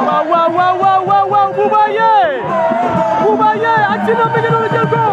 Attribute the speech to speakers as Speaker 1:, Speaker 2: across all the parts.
Speaker 1: Wow! Wow! Wow! Wow! Wow! waaw Bouba Yeye Bouba Yeye ak Sina mi ngi doon jël ko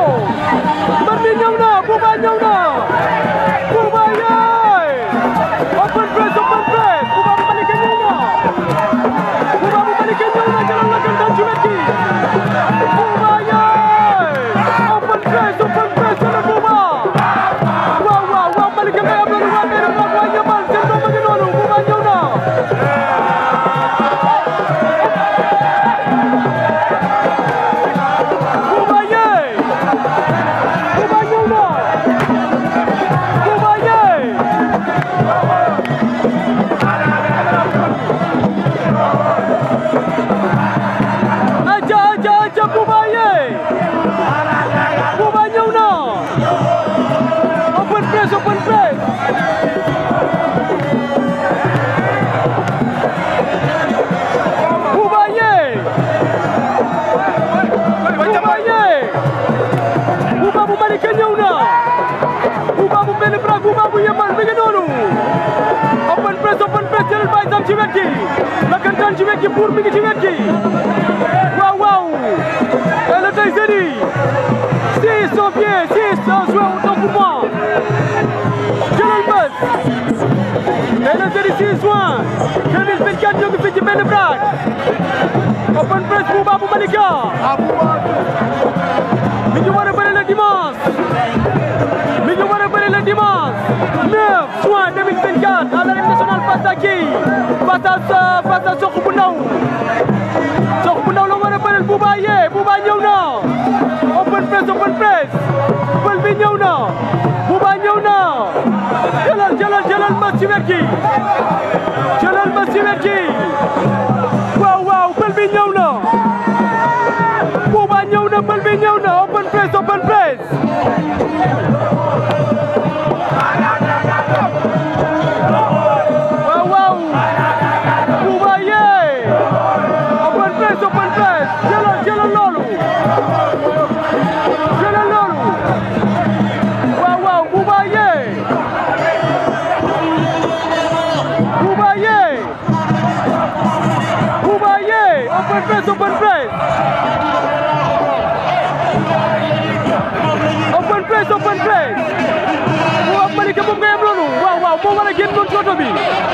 Speaker 1: wet gi lakkantaan ci wet gi buur mi ngi ci wet gi waaw waaw le tey jeudi 6 janvier 6 juin donc mois jëlal bés tey le jeudi 6 juin 2024 ñoo ngi fi ci benn braak open press bu Babou Malika mi ngi war a bëri le dimanche Oustaz face à Sokh bu ndaw Sokh bu ndaw la war a bëreel Bouba yee Bouba ñëw na open press open press bël bi ñëw na Bouba ñëw na jëlal jëlal jëlal mas ci wet gi jëlal mas ci wet gi waaw waaw bël bi ñëw na Bouba ñëw na bël bi ñëw na família.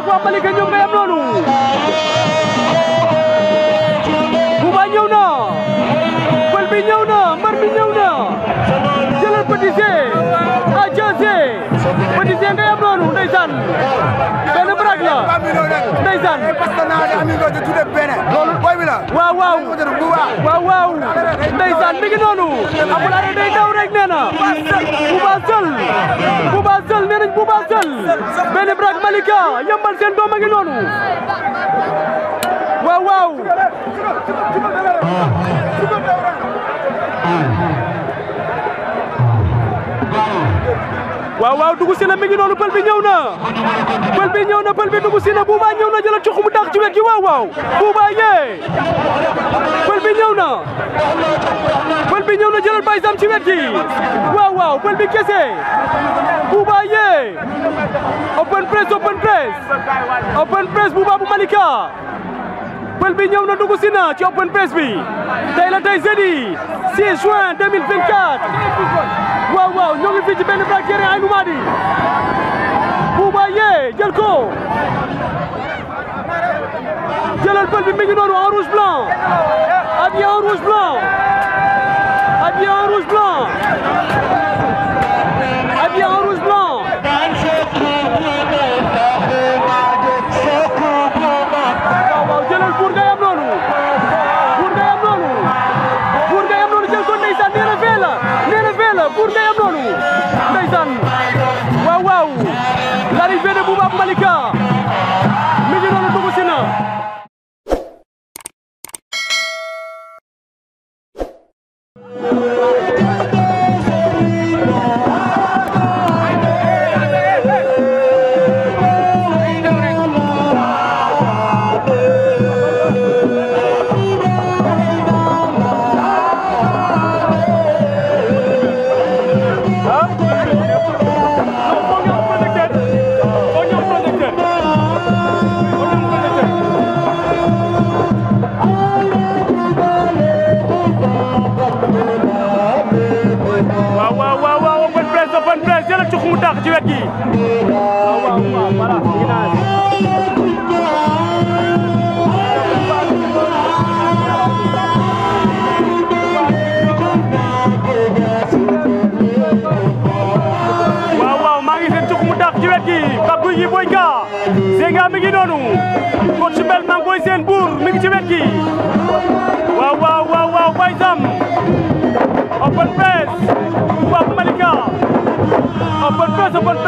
Speaker 1: ak waa Malika ñoom ngay am noonu Bouba ñëw na pël bi ñëw na mbër mi ñëw na jëlal Petit Zé Eh, waaw Amindo mi ngi noonu. Abdoulaye day daw rek nee na. Bouba Seul. Bouba Seul nee Malika yëmbal seen doom a noonu. waaw waaw. waaw waaw dugg si mi ngi pël bi ñëw na pël bi ñëw na pël bi dugg na buuba ñëw na mu dàq ci wet gi waaw waaw buuba yee pël bi ñëw na pël bi ñëw na jëlal bay sam ci wet gi waaw waaw pël bi kese buuba yee open press open press open press bu Malika pël bi ñëw na dugg si na ci open press bi tey la tey jeudi 6 juin 2024 waaw waaw ñoo ngi fii ci benn braquet ay Noumadhi Vous voyez, quel con Quel pël bi en rouge blanc Adieu en rouge blanc Adieu en rouge blanc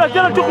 Speaker 1: la jëlal cuk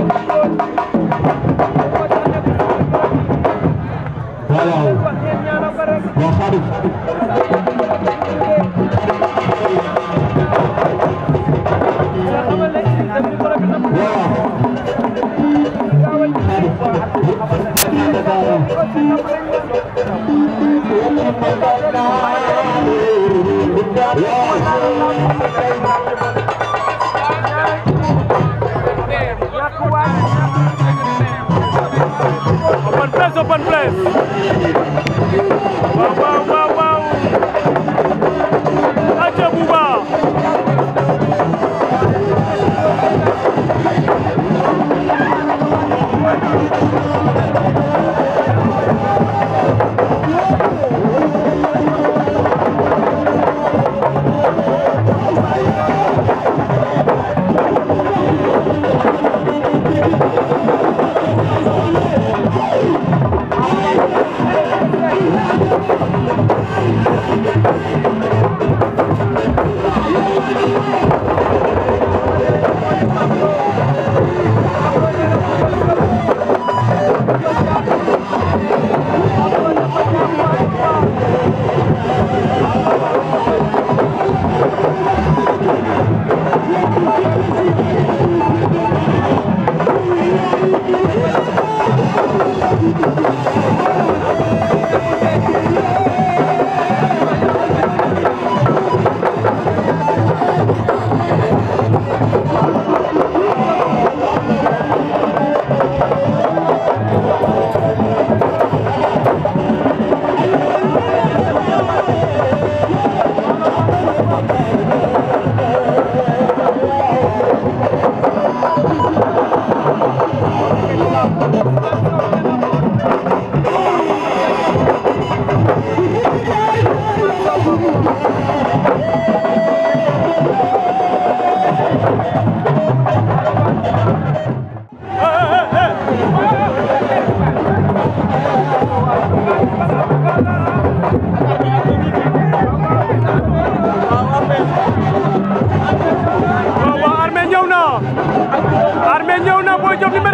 Speaker 1: Πάμε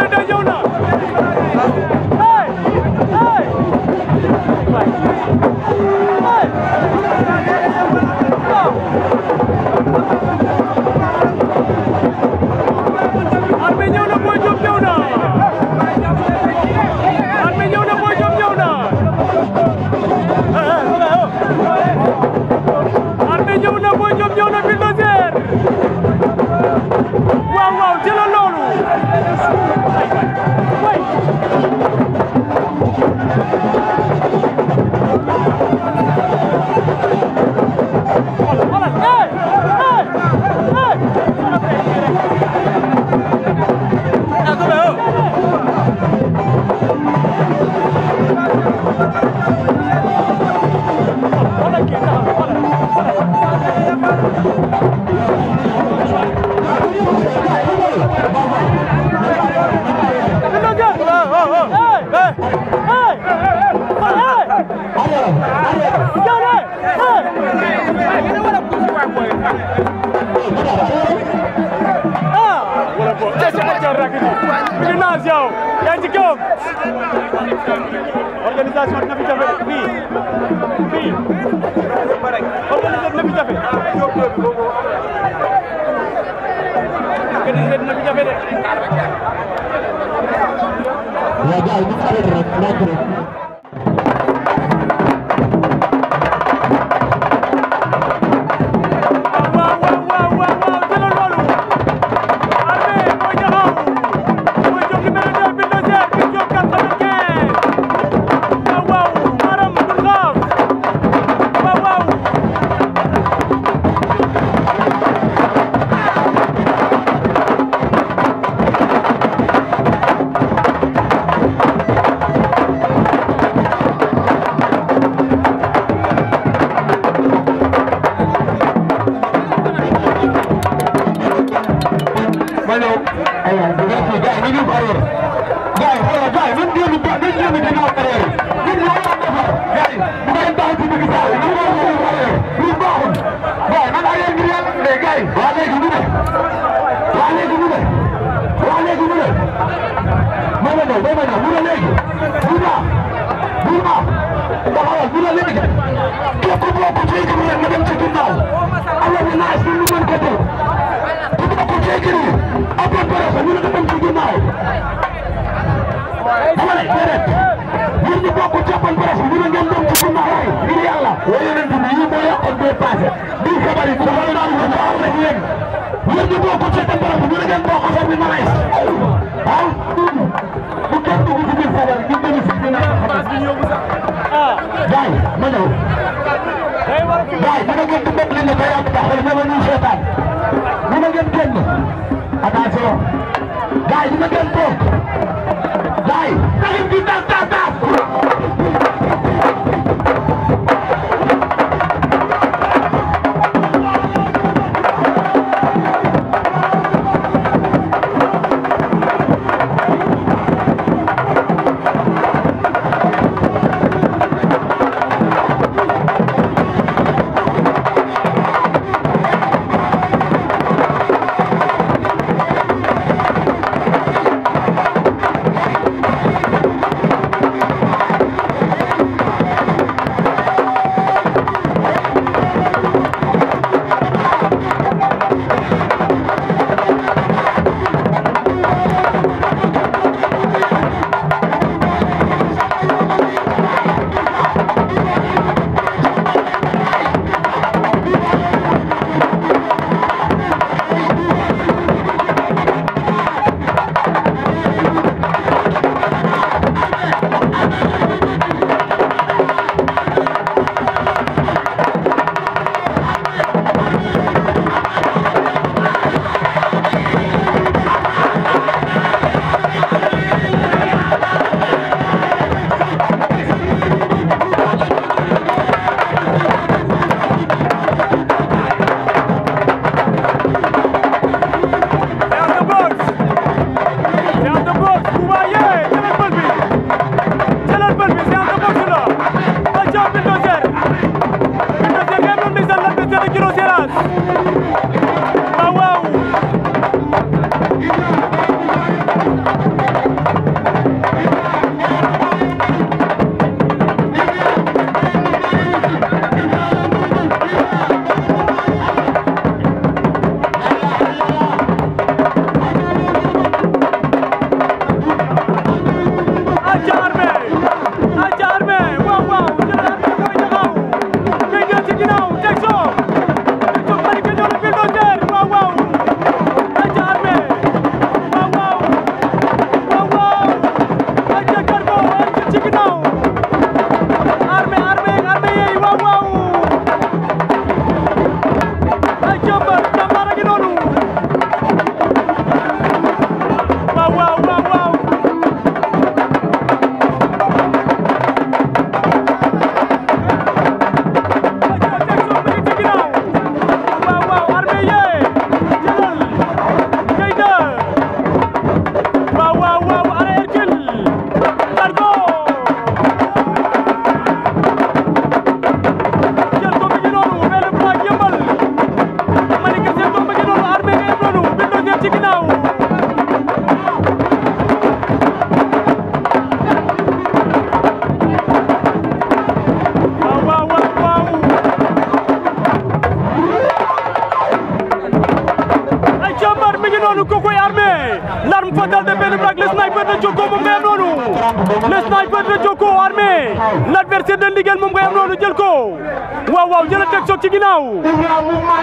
Speaker 1: waaw waaw jëlal teg soog ci ginnaaw.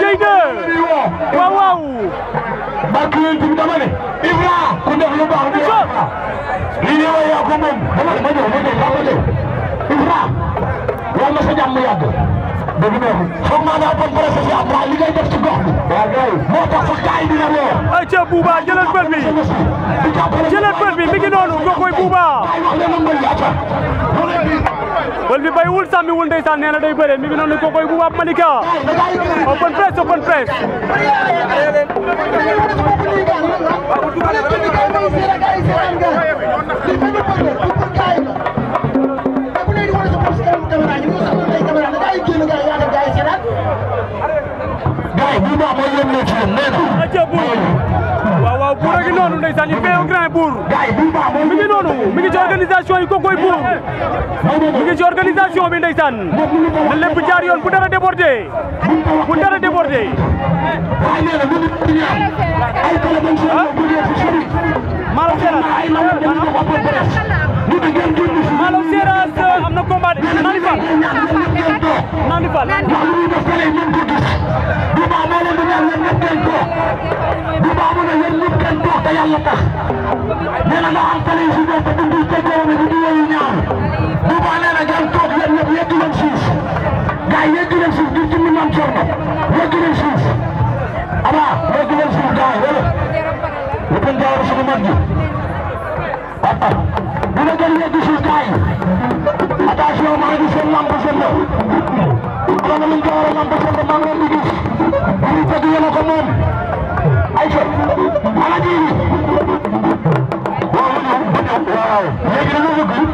Speaker 1: Guèye de waaw waaw. barke yooyu dugub dama ne. Ibra ku def lu baax di wax. lii nii mooy yaa ko moom. dama
Speaker 2: ma ñëw ma ñëw ma ñëw. Ibra. yow na sa jàmm yàgg. dëgg neexul.
Speaker 1: foog maa daa bon presse si Abra li ngay def ci gox bi. waaw kay moo tax sax gars yi dina leer. ay ca Bouba jëlal bët bi. jëlal bët bi mi ngi noonu nga koy Bouba. बल्कि भाई उल्टा मैं उल्टे सामने नेला डे बेरे मैं बिना निको कोई गुआप मली क्या ओपन प्रेस ओपन प्रेस अच्छा you're pour buur a ngi noonu ndeysaan fait un grand pour mi ngi noonu mi ngi ci organisation yi ko pour buur mi ngi ci organisation bi ndeysaan na lépp jaar yoon bu dara débordé bu dara débordé ah Maloum Seras am na combat Nandi Fall Nandi Fall
Speaker 2: yàlla tax nee na nga am xale yu si ñëw te bu dul tegoo ne du ñu yooyu ñaar bu baax nee na ngeen toog yéen ñëpp yeggu leen siis gars yi yeggu leen siis du ci mën a am coono yeggu leen siis ama yeggu leen siis gars yi wala lu ko jaawal sama mag ji dina jël léegi suuf kaay attention maa ngi seen lampe seen la xam nga luñ ko war a lampe seen la maa ngi leen di gis ñu fekk yéen a ko moom ay fa ala ji waaw léegi dañoo bëgg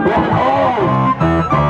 Speaker 2: Whoa!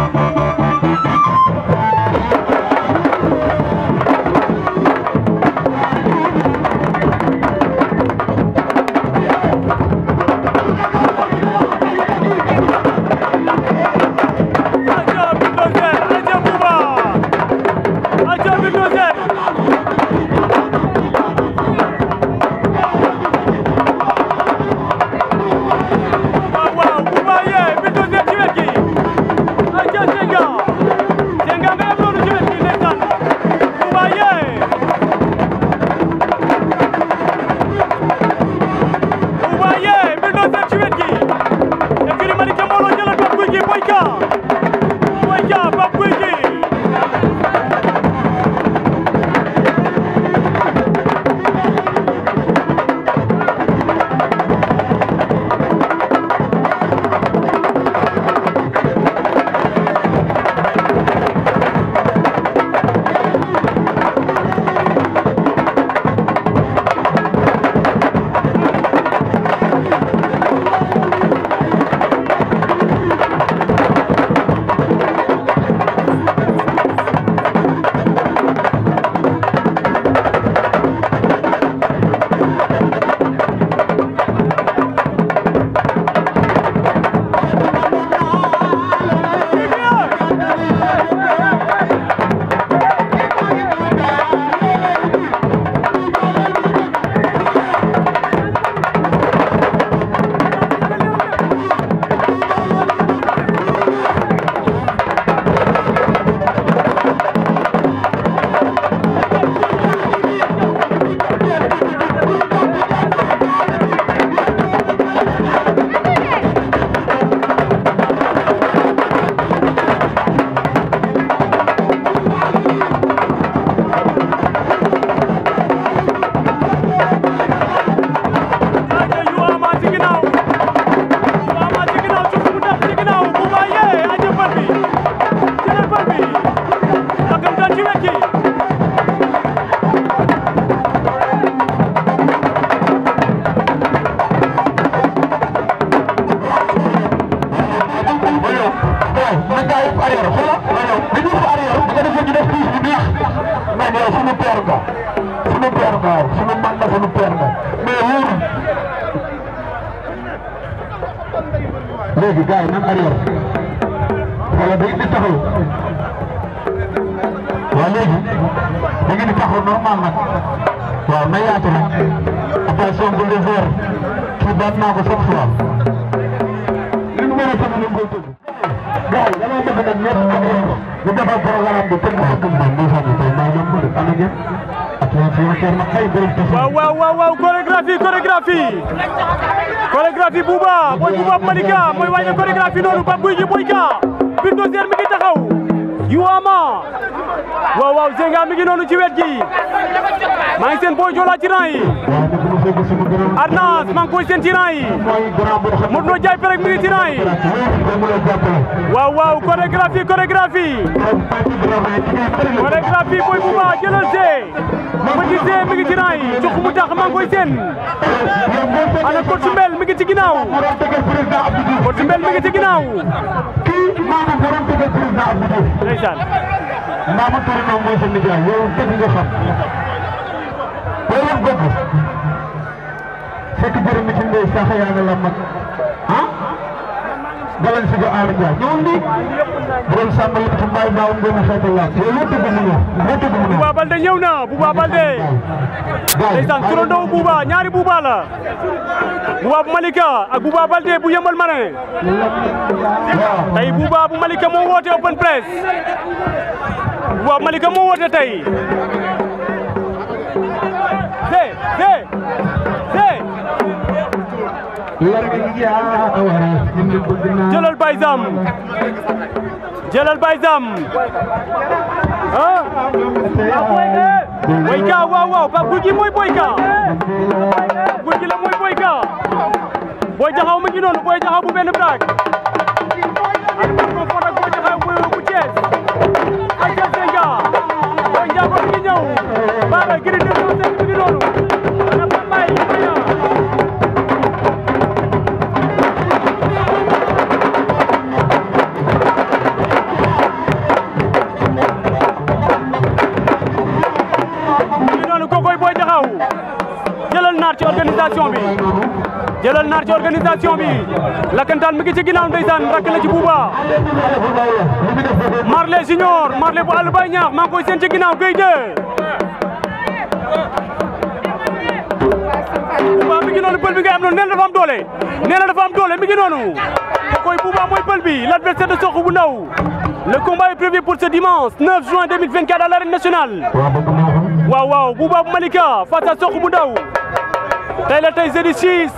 Speaker 2: arrière wala day di taxaw waaw léegi da ngeen di taxaw normal nag waaw na yaatu nag attention bu leen weer kii daan naa ko chaque fois li mu war a tënk lañ koy tënk. gars yi dama bëgg nag ñëpp ñu defal programme bi tënk ko
Speaker 1: tënk ko. Wow wow wow waaw koreografi koreografi chorégraphie Bouba mooy Bouba Malika boy wàññi koreografi noonu Pape Gueye Boy Ka bulldozer mi tahu, taxaw Yuama wow wow Zenga mi ngi noonu ci wet gi Boy Joola ci rang Arnas maa ngi koy seen Jaay Perek mi ngi tirant yi waaw waaw chorégraphie chorégraphie booy bu baax jëlal see mi ngi tirant yi mu tax maa ngi ana coach Mbel mi ngi ci
Speaker 2: fekk jërë nga ci mbéy sax yaa ngi la mag ah.
Speaker 1: balan si ko aar Ndiaye ñëwoon di. bu doon sàmm yëpp ci mbay maa woon gën a ñaari Bouba la. Bouba bu bu yëmbal moo woote open press. Bouba bu moo woote tey. jëlal Baye Zam jëlal Baye Zam ah Boyka waaw waaw ba Gouy Gui mooy Boyka Gouy Gui la mooy Boyka Boy Jaxaw mi ngi noonu Boy Jaxaw bu benn braak ak ko fon ak Boy Jaxaw bu bu Thiès ak Jaxega Boy Jaxaw mi ngi ñëw Bara Gris Bordeaux mi ngi noonu organisation bi jëlal naar ci organisation bi la mi ngi ci ginnaaw ndeysaan rakk la ci buuba Marley Junior Marley bu àll bay ñaax maa ngi koy seen ci ginnaaw Guèye de buuba mi ngi noonu pël bi nga am noonu nee na dafa am doole nee na dafa am doole mi ngi noonu koy buuba mooy bi l'adversaire de Sokh bu ndaw le combat est prévu pour ce dimanche 9 juin 2024 à l'arène nationale waaw waaw buuba bu Malika face à Sokh bu ndaw tey et du 6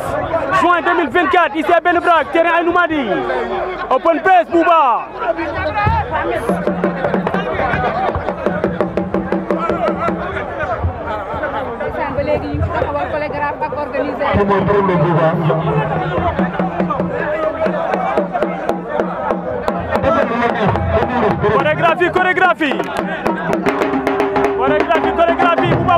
Speaker 1: juin 2024 ici à Benn terrain Aïnoumadi. open press Bouba chorégraphie chorégraphie chorégraphie chorégraphie Bouba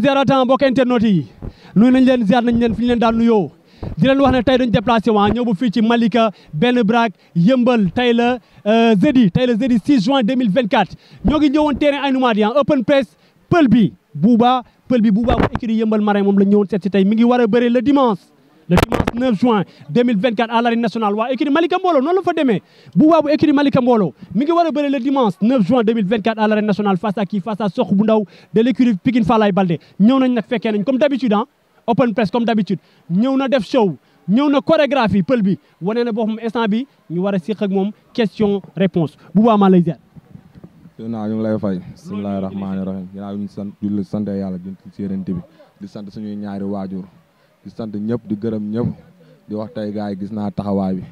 Speaker 3: ziar ziaratan mbokk internet yi nuyu nañ leen ziar nañ leen fi ñu leen daan nuyoo di leen wax ne tey dañ déplacé waa ah, ñëw bu fii ci Malika benn braak yëmbal tey la euh, jeudi tey la jeudi 6 juin 2024 ñoo ngi ñëwoon terrain Aïnou Mady ah, open press pël bi Bouba pël bi Bouba bu écrit yëmbal marin moom la ñëwoon seet si tey mi ngi war a bëre le dimanche le dimanche 9 juin 2024 à l'arène nationale waa écrit Malika mbooloo noonu la fa demee Bouba Malika Mbolo le dimanche 9 juin 2024 à l'arène nationale face à qui face à Sokh de l'écurie Pikine Falaye Baldé Nous nañ fait comme d'habitude hein. open press comme d'habitude Nous avons def show nous avons chorégraphie pël bi wane na instant bi ñu question réponse Bouba questions-réponses.
Speaker 4: ñu lay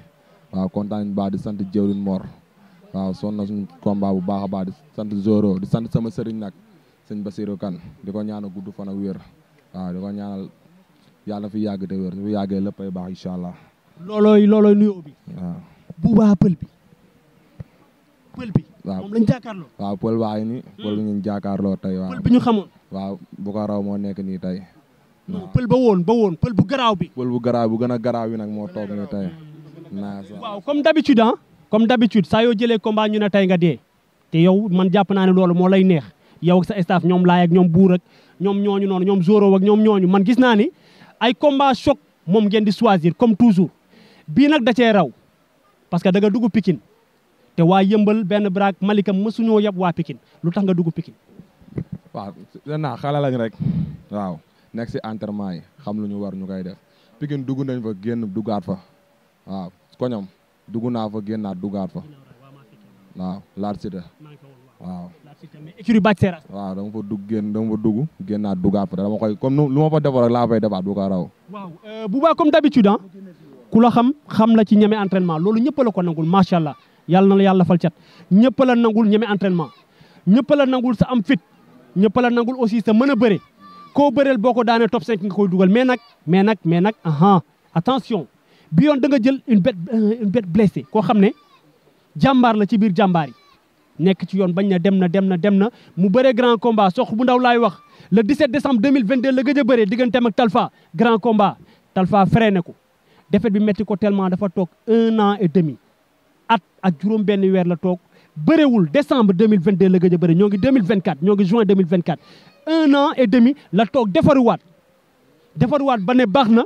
Speaker 4: waaw kontaan ba di sant jëwrin Mor waaw son na suñu combat bu baax a baax di sant Zoro di sant sama sëriñ nag sëñ Basirou kan di ko ñaanal gudd fan ak wér waaw di ko ñaanal yàlla fi yàgg te wér su fi yàggee léppay baax incha allah.
Speaker 3: loolooy loolooy nuyoo bi. waaw Bouba Pël bi.
Speaker 4: pël bi waaw moom lañ jàkkaarloo. waaw pël bi ñu jàkkaarloo tey waaw. pël bi ñu xamoon. waaw bu ko raw moo nekk nii tey. waaw pël ba woon ba woon pël bu garaaw bi. pël bu garaaw bu gën a garaaw bi nag moo toog nii tey. waaw comme d'habitude ah comme d'habitude
Speaker 3: saa yoo jëlee combat ñu ne tey nga dee te yow man jàpp naa ne loolu moo lay neex yow sa staff ak ak zoro ak ñoom ñooñu man gis naa ni ay combat choc moom ngeen di choisir comme toujours bii nag da cee raw parce que da nga te wa yëmbal benn braak Malika musunoya yab waa Pikine lu tax nga dugg Pikine
Speaker 4: waaw naa xale lañ rek waaw nekk si entraînement yi xam lu ñu war ñu def nañ fa duggaat fa waaw koñam dugg naa fa génnaat duggaat fa waaw laat cité waaw. écurie Bathie Seras. waaw dama fa dugg génn dama fa dugg génnaat duggaat fa dama koy comme lu ma fa defoon rek laa fay defaat bu ko bu euh,
Speaker 3: baax comme d'habitude ah ku la xam xam la ci ñeme entraînement loolu ñëpp ko nangul macha allah yàlla na la yàlla fal cat ñëpp la nangul ñeme entraînement ñëpp la nangul sa am fit ñëpp la nangul aussi sa mën a bëre koo bëreel boo ko daanee top 5 nga koy dugal mais nag mais nag mais nag attention. bi yoon da nga jël une bête euh, une bête blessée ko xamné jambar la ci bir jambar yi nek ci yoon bañ na dem na dem na dem na mu béré grand combat sox bu ndaw lay wax le 17 décembre 2022 le gëj béré bëree mak ak Talfa grand combat Talfa freiné ko défaite bi metti ko tellement dafa tok un an et demi at ak juroom benn weer la toog bëreewul décembre 2022 le gëj béré ñogi 2024 ñogi juin 2024 un an et demi la tok défaru wat défaru wat bané baxna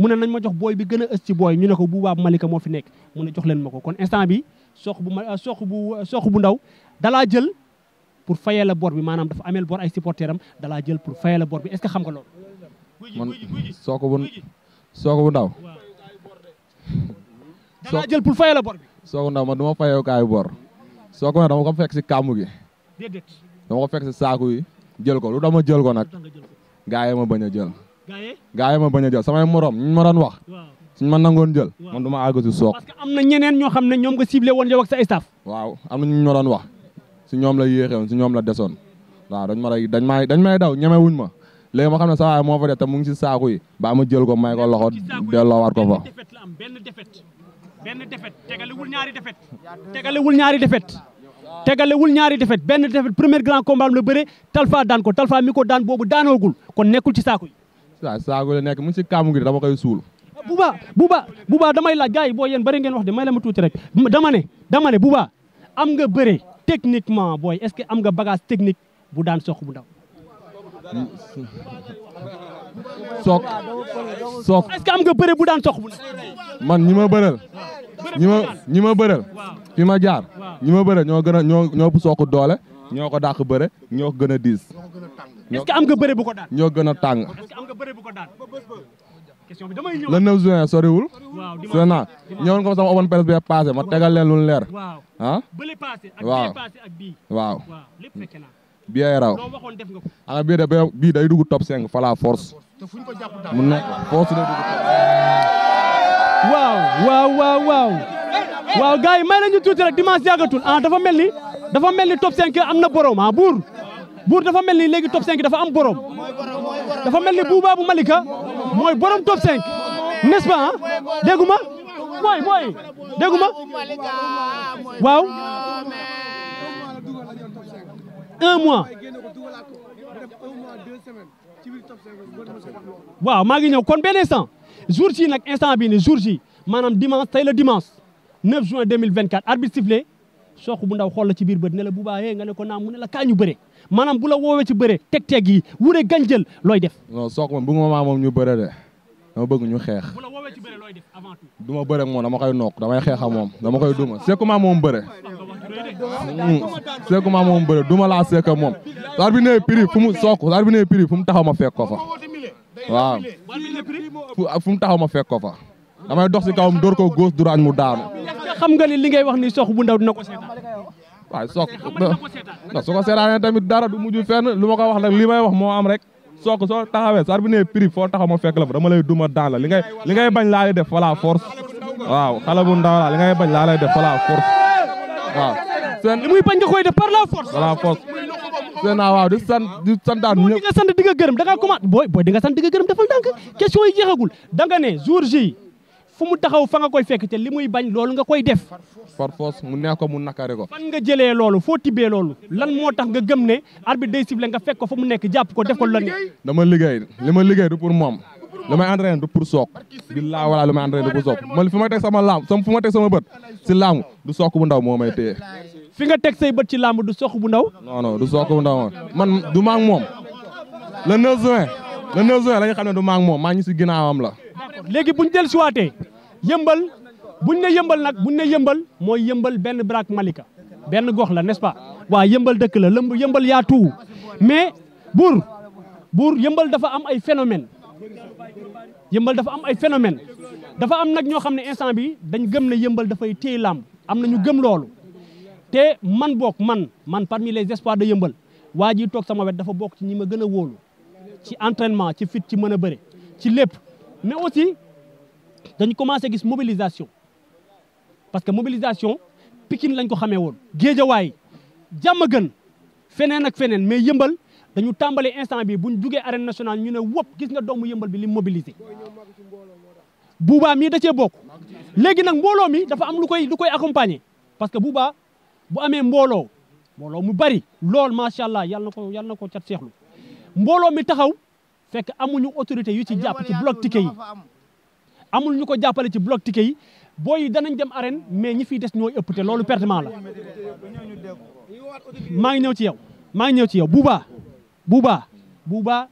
Speaker 3: mu ne nañ ma jox boy bi gëna ëss ci boy ñu ne ko bu baab malika mo fi nekk mu ne jox leen mako kon instant bi sox bu euh, sox bu euh, sox bu ndaw dalaa jël pour fayé la bor bi manam dafa amel bor ay supporteram am dalaa jël pour fayé la bor bi est ce xam nga lool
Speaker 4: man sox bu sox bu ndaw dalaa jël pour fayé la bor bi sox ndaw ma duma fayé kay bor sox ndaw dama ko fekk ci kamu gi dedet dama ko fekk ci saaku yi jël ko lu dama jël ko nak gaa ma jël gaa yi ma bañ a jël samay morom ñu ma doon wax suñ ma nangoon jël man du ma àgg si soog. am na ñeneen ñoo xam ne ñoom nga sible woon yow ak sa staff. waaw am na ñu ma doon wax si ñoom la yéexewoon si ñoom la desoon waaw dañ ma dañ may dañ may daw ñemewuñ ma léegi ma xam ne sa waay moo fa def te mu ngi si saaku yi ba ma jël ko may ko loxo delloowaat ko fa.
Speaker 3: benn defet tegalewul ñaari defet tegalewul ñaari defet tegalewul ñaari defet benn defet premier grand combat am la bëre Talfa daan ko ko daan boobu daanoogul kon nekkul ci saako yi.
Speaker 4: waaw saago la nekk mu si kaamu gi dama koy suul
Speaker 3: ah, buba buba buba damay la gars yi boo yéen bëri ngeen wax de may la ma tuuti rek dama damane dama ne buba am nga bëre techniquement booy est-ce que am nga bagage technique bu daan soq bu ndaw
Speaker 4: sook sook est am nga bëre bu daan soq bu ndaw man ñi ma bëral ñi ma ñi ma bëral fi ma jaar ñi ma bëral ñoo gën a ñoo ñoo soq doole ñoo ko dàq bëre ñoo ko gën a diis est am nga bëre bu ko ñoo gën a tàng. est-ce
Speaker 2: que am nga bëre bu ko daan. question bi damay ñëw ma ñëwoon ko sama open ma tegal leen lu waaw ah? bii waaw waaw lépp fekke naa. bii ay raw. loo waxoon def
Speaker 4: nga ko. bii day dugg top 5 fala ko
Speaker 2: jàpp daal mu ne force day
Speaker 4: waaw waaw waaw waaw. waaw yi may nañu tuuti rek
Speaker 3: dimanche yàggatul ah, dafa mel ni dafa mel ni top 5 am na borom ah buur. bour dafa melni légui top 5 dafa am borom dafa Bouba Boumalika, Malika top 5 n'est-ce pas Oui, oui. moy mooy Wow, un mois Wow, maa combien kon jour le instant jour J, dimanche le dimanche 9 juin 2024 arbitre sifflé Je bu ndaw la ci biir ne la Bouba eh, nga maanaam bu la woowee ci bëre
Speaker 4: teg teg yi wure ganjël looy def. non soog moom bu ma maa moom ñu bëre de dama bëgg ñu xeex. bu du ma bëre ak moom dama koy nook damay xeex moom dama koy duma sekkuma moom bëre. Mm. sekkuma moom bëre duma laa sekk moom. saa bi nee fu mu soog saa bi nee fu mu taxaw ma fekk ko fa. waaw fu mu taxaw ma fekk ko fa. damay dox si kawam dóor ko góos duraañ mu daanu. xam nga ni li ngay wax ni sox bu ndaw dina ko seetaan waaw sook ndax su ko seetaanee tamit dara du mujj fenn lu ma ko wax nag lii may wax moo am rek sook soo taxawee sar bi ne prix foo taxaw ma fekk la fa dama lay duma daan la li ngay li ngay bañ laa lay def la force waaw xale bu ndaw la li ngay bañ laa lay def voilà force waaw seen li muy bañ nga koy def par la force par la force seen naa waaw di sant di
Speaker 3: santaan ñëpp di nga sant di nga gërëm da ngaa commencé booy booy di nga sant di nga gërëm defal ndànk question yi jeexagul da nga ne jour ji fu mu taxaw fa nga koy fekk te li muy bañ loolu nga koy def.
Speaker 4: par force mu neex ko mu nakare ko. fan
Speaker 3: nga jëlee loolu foo tibbee loolu lan moo tax nga gëm ne arbitre day siffler nga fekk ko fa
Speaker 4: mu nekk jàpp ko def ko lan. dama liggéey li ma liggéey du pour moom li may entraîné du pour sook billaa wala li may entraîné du pour sook man fi ma teg sama laam sama fu ma teg sama bët si laamu du sook bu ndaw moo may téye. fi nga teg say bët ci làmb du soq bu ndaw. non non du soq bu ndaw man du maag moom le 9 juin le xam ne du maag moom maa ngi si ginnaawam la.
Speaker 3: léegi bu ñu dellu siwaatee yëmbal bu ñu ne yëmbal nag bu ñu ne yëmbal mooy yëmbal benn braak Malika benn gox la nespa ce waa yëmbal dëkk la lëmb yëmbal yaa tuuw mais buur buur yëmbal dafa am ay phénomène yëmbal dafa am ay phénomène dafa am nag ñoo xam ne instant bi dañ gëm ne yëmbal dafay téye làmb am na ñu gëm loolu te man book man man parmi le espoirs de yëmbal waa ji toog sama dafa bokk ci ñi ma gën a wóolu ci entrenement ci fit ci mën a bëre ci lépp mais aussi dañu commencé gis mobilisation parce que mobilisation Pikine lañ ko xamee woon. Géejawaay jàmm gën feneen ak feneen mais yëmbal dañu tàmbali instant bi buñ jugee arène nationale ñu ne wópp gis nga doomu yëmbal bi li mobilisé. Bouba mii da cee bokk léegi nag mbooloo mi dafa am lu koy lu koy accompagner parce que Bouba bu amee mbooloo mbooloo mu bari lool macha allah yàlla na ko yàlla na ko cat seexlu mbooloo mi taxaw. fekk amuñu autorité yu ci jàpp ci bloc ticket yi amul ñu ko jàppale ci bloc ticket yi booy yi danañ dem arène mais ñi fiy des ñooy ëpp te loolu pertement la maa ngi ñëw ci yow maa ngi ñëw ci yow buubaa buubaa buubaa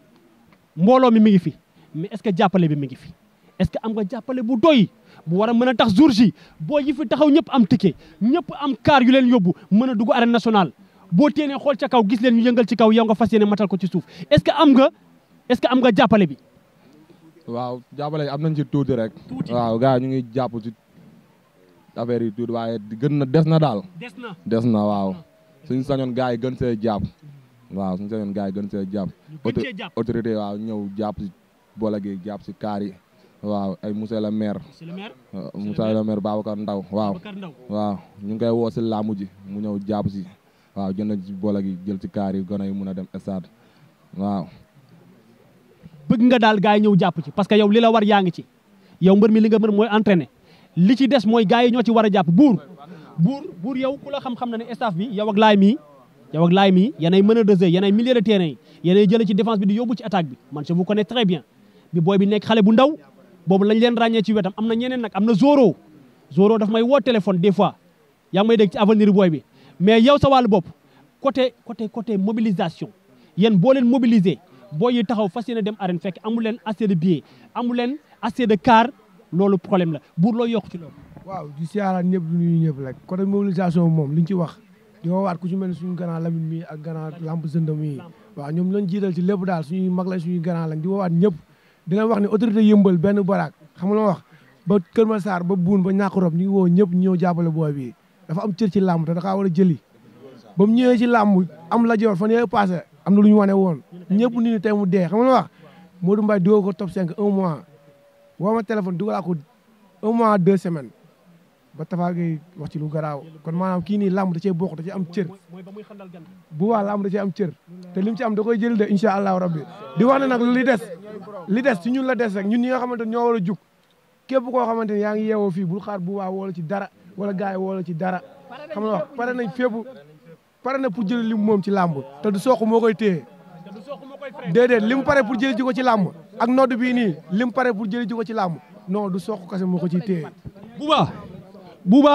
Speaker 3: mbooloo mi mi ngi fi mais est-ce que bi mi ngi fi est-ce que am nga bu doy bu war a mën a tax jour ji boo yi fi taxaw ñëpp am ticket ñëpp am kaar yu leen yóbbu mën a dugg arène nationale boo téenee xool ca kaw gis leen ñu yëngal ci kaw yow nga fas yéene matal ko ci suuf est-ce que am nga est-ce que am nga jàppale bi.
Speaker 4: waaw jàppale am nañ ci tuuti rek. waaw gars ñu ngi jàpp ci affaire yi tuuti waaye gën na des na daal. des na des na waaw. sañoon gars yi gën see jàpp. waaw suñu sañoon gars yi gën see jàpp. autorité waaw ñëw jàpp ci gi jàpp si kaari yi. waaw ay monsieur le maire. monsieur le maire euh, monsieur le maire Ndaw waaw. ñu ngi koy woo si laamu ji mu ñëw jàpp si. waaw jënd ci boole gi jël ci kaari yi gën a mën a dem stade waaw. bëgg nga daal gars yi ñëw jàpp ci parce que yow li la war yaa ngi ci
Speaker 3: yow mbër mi li nga mën mooy entraîner li ci des mooy gars yi ñoo ci war a jàpp buur buur buur yow ku la xam-xam na ne staff bi yow ak laay mii yow ak laay mii yenay mën a dese yenay milieu de terrain yi yenay jële ci défense bi di yóbbu ci attaque bi man je vous connais très bien bi booy bi nekk xale bu ndaw boobu lañ leen ràññee ci wetam am na ñeneen nag am na zoro zoro daf may woo téléphone des fois yaa ngi may dégg ci avenir booy bi mais yow sa wàllu bopp côté côté côté mobilisation yéen boo leen mobiliser boo yi taxaw fas na dem arène fekk amu leen assez de billets amu leen assez de car
Speaker 5: loolu problème la buur loo yokk ci loolu. waaw di siyaaraat ñëpp du nuyu ñëpp rek côté mobilisation moom li ñu ci wax di ko waat ku ci mel ni suñu gannaaw Lamine mi ak gannaaw lamp sëndam yi waaw ñoom lañ jiital ci lépp daal suñuy mag lañ suñuy gannaaw lañ di woowaat ñëpp dina benn baraak xam wax ba Kër Masar ba Buun ba ñàkk rob ñu ngi woo ñëpp ñëw jàppale booy bi dafa am cër ci làmb te dafa war a jëli ba mu amna luñu wané won ñepp woon ñëpp ñu ne tey mu dé xam nga wax Modou mbay do ko top 5 1 mois wama téléphone dugalaa ko 1 mois 2 semaines ba Tapha Gueye wax ci lu graw kon manam ki ni lamb da ci bokk da ci am cër bu wa lamb da ci am cër te lim ci am da koy jël de inshallah rabbi di wax nak li dess li dess ci ñun la dess rek ñun ñi nga xamanteni ño ñoo juk a jug képp koo xamante ne yaa ngi yeewoo fii xaar bu wa woola ci dara wala gaay yi ci dara xam nga wax paré nañ fépp pare na pour jël li mu moom ci làmb te du Sokh moo koy téye déedéet li mu pare pour jëli ji ko ci làmb ak nodd bii nii li mu pare pour jëli ji ko ci làmb non du Sokh kese moo ko ciy téye. Bouba Bouba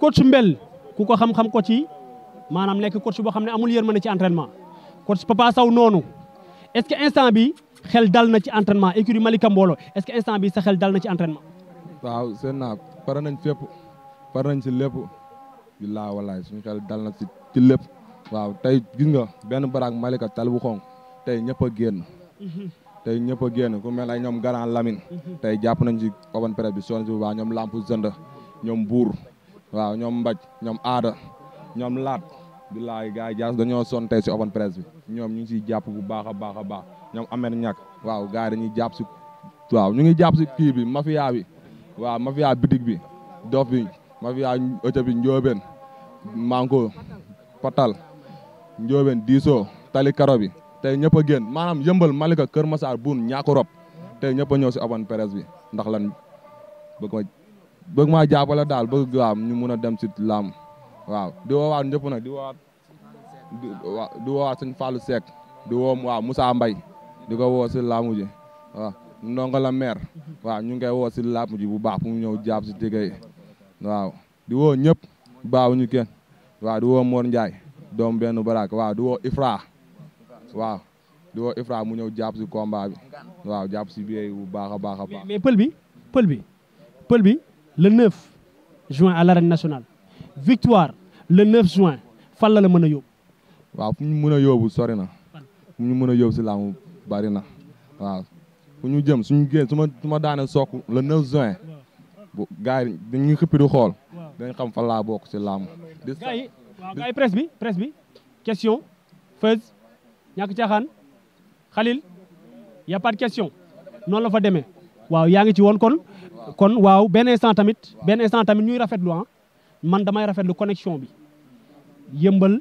Speaker 5: coach Mbel
Speaker 3: ku ko xam-xam ko ci maanaam nekk coach boo xam ne amul yërmande ci entraînement coach Papa Sow noonu est-ce que instant bi xel dal na ci entraînement écurie Malika Mbooloo est-ce que instant bi sa xel dal na ci entraînement.
Speaker 4: waaw seen naa pare nañ fépp pare nañ si lépp. billaa walaay suñu xel dal na si ci lépp waaw tey gis nga benn baraag Malika tal bu xonk tey ñëpp a tey ñëpp a génn ku mel ñoom Garant Lamine tey jàpp nañ ci open presse bi sonn si bu ñoom lamp zënd ñoom buur waaw ñoom mbaj ñoom aada ñoom laat billaay gars yi jaas dañoo sonn tey si open presse bi ñoom ñu ngi siy jàpp bu baax a baax a baax ñoom amer ñàkk waaw gars dañuy jàpp si waaw ñu ngi jàpp si kii bi mafia bi waaw mafia bitig bi dof bi ma fi yaa ëcc bi Ndiobène Manko Patal Ndiobène Diso Tali Karo bi tey ñëpp a génn maanaam yëmbal Malika Kër Massar Boune Niakurop tey ñëpp a ñëw si open presse bi ndax lan bëgg ma bëgg maa jàppale daal bëgg waaw ñu mun a dem si laam waaw di wo ñëpp nag di woowaat di woowaat sëñ Fallou di woo waaw Moussa Mbaye di ko woo si laamu ji waaw la maire waaw ñu ngi koy woo si laamu ji bu baax pour ñëw jàpp si liggéey waaw di woo ñëpp baawuñu kenn waaw di woo Mor Ndiaye doom benn baraak waaw di woo Ifra waaw di woo Ifra mu ñëw jàpp si combat bi waaw jàpp si biir bu baax a baax a baax. mais pël bi
Speaker 3: pël bi pël bi le 9 juin à l'arène nationale victoire
Speaker 4: le 9 juin fan la la mën a yóbbu. waaw fu ñu mën a yóbbu sori na fu ñu mën a yóbbu si laamu bari na waaw fu ñu jëm suñu génn su ma su ma daane sokk le 9 juin. bu gars yi dañuy xëppi di xool. dañ xam fan laa bokk si làmb. di gars yi waaw gars yi presse bi presse bi question Feuz ñàkk
Speaker 3: caaxaan y a pas noonu la fa demee waaw yaa ngi ci woon kon. kon waaw benn instant tamit benn instant tamit ñuy rafetlu ah man damay rafetlu connexion bi yëmbal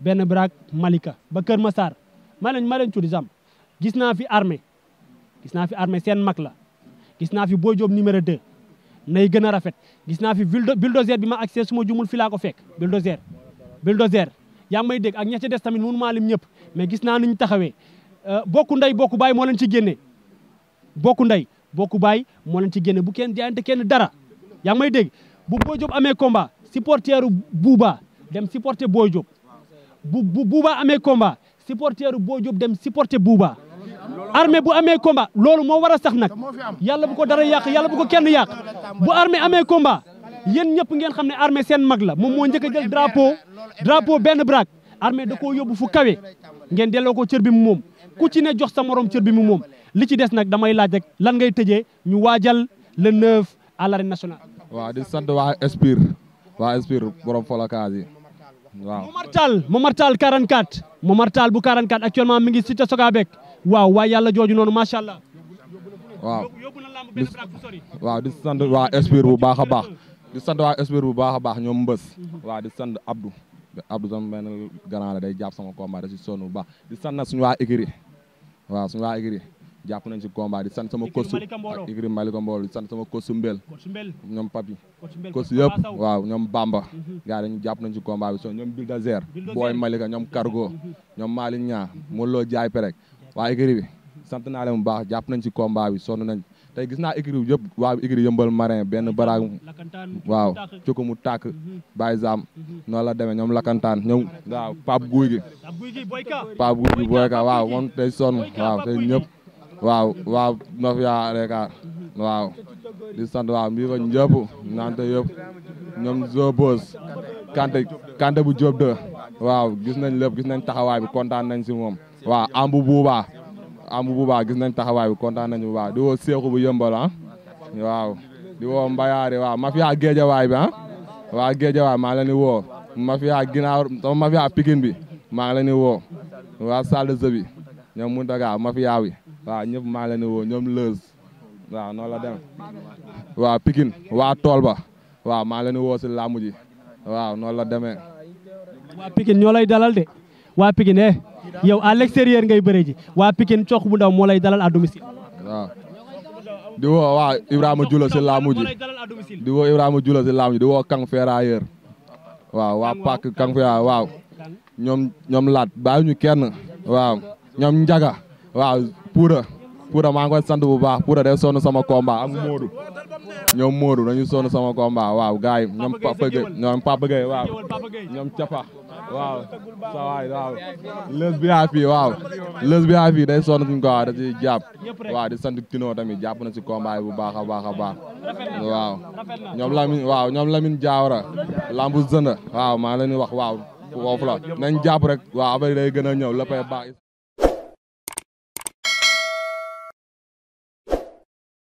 Speaker 3: benn braak Malika ba Kër Massar maa leen maa sam gis naa fi armée gis naa fi armée seen mag la gis naa fi Boy Diop numéro 2. nay gën a rafet gis naa fi bulldozer bi ma accès su ma jumul fi ko fekk bulldozer bulldozer yaa ngi may dégg ak ña ca des tamit mënu maa lim ñëpp mais gis naa nuñ taxawee euh, bokku ndey bokku baay moo leen ci génne bokku ndey bokku baay moo leen ci génne bu kenn jaayante kenn dara yaa may dégg bu Boy Diop amee combat supporteru Bouba dem supporter Boy Diop bu bu Bouba amee combat supporteru Boy Diop dem supporter Bouba armée bu amee combat loolu moo war a sax nag yàlla bu ko dara yàq yàlla bu ko kenn yàq bu armee amee combat yéen ñëpp ngeen xam ne armee seen mag la moom moo njëkk a jël drapeau drapeau benn braak armée da koo yóbbu fu kawe ngeen delloo ko cër bi mu moom ku ci ne jox sa morom cër bi mu moom li ci des nag damay laaj rek lan ngay tëjee ñu waajal le
Speaker 4: 9 à l'arène di sant waa Espire waa Espire borom folakaas yi waaw. Momar
Speaker 3: Tall Momar Tall 44 Momar Tall bu 44 actuellement mi ngi cité Sokabek. waaw waaye yàlla jooju noonu macha allah.
Speaker 4: waaw di sant waa Esprit bu baax a baax di sant waa Esprit bu baax a baax ñoom mbës waaw di sant Abdou Abdou sama benn grand la day jàpp sama combat da si sonn bu baax di sant nag suñu waa Igri waaw suñu waa Igri jàpp nañ si combat di sant sama kosu ak Igri Malika Mboolo di sant sama kosu Mbel ñoom Papi
Speaker 2: kosu yëpp waaw
Speaker 4: ñoom Bamba mhm. gars dañu jàpp nañ si combat bi son ñoom Bildazer Boy Malika ñoom Cargo mhm. ñoom Malick Niang Molo Jaay waa écurie bi sant naa leen bu baax jàpp nañ ci combat bi sonn nañ tey gis naa écurie bi yëpp waa écurie yëmbal marin benn baraag waaw ci ko mu tàkk mhm. Baye Zam mhm. noonu la demee ñoom lakkantaan ñoom waaw Pape Guy gi Pape Guy gi Boyka waaw moom tey sonn waaw tey ñëpp waaw waaw nof yaa rekaar waaw di sant waaw mbii fa ñëpp nante yëpp ñoom zobos kante bu Jóob waaw gis nañ lépp gis nañ taxawaay bi kontaan nañ si moom waaw am bu buubaa am bu buubaa gis nañ taxawaay bi kontaan nañu bu baax di woo seexu bu yëmbal ah waaw di woo mbayaari waaw mafia géejawaay bi ah waa géejawaay maa ngi woo mafia ginaaw sama mafia pikin bi maa ngi woo waa salle de bi ñoom muntaga mafia bi waaw ñëpp maa ngi leen woo ñoom lëz waaw noonu la dem pikin waa tool ba waaw maa ngi leen woo si lamuji ji waaw noonu la demee pikin ñoo dalal de waa pikin eh yow à l'extérieur ngay bëre ji waa Pikine cox bu ndaw moo lay dalal à domicile. waaw di woo waa Ibrahima Jula si laamu di woo Kang Ferrailleur waaw waa Pàcc Kang Ferrailleur waaw ñoom laat bàyyiwuñu kenn waaw ñoom Njaga waaw Poura Poura maa ngi sant bu baax Poura day sonn sama combat ak Modou ñoom Modou dañu sonn sama combat waaw gars ñoom Papa ñoom Papa waaw ñoom Capa waaw sa waay waaw lës bi yaa fii waaw lës bi yaa fii day sonn suñ ko waaw da ci jàpp waaw di sant Tino tamit jàpp na si combat bu baax a baax a baax waaw ñoom Lamine waaw ñoom Lamine Diawara lambu zënd waaw maa leen wax waaw foofu la nañ jàpp rek waaw affaire day gën a ñëw léppay baax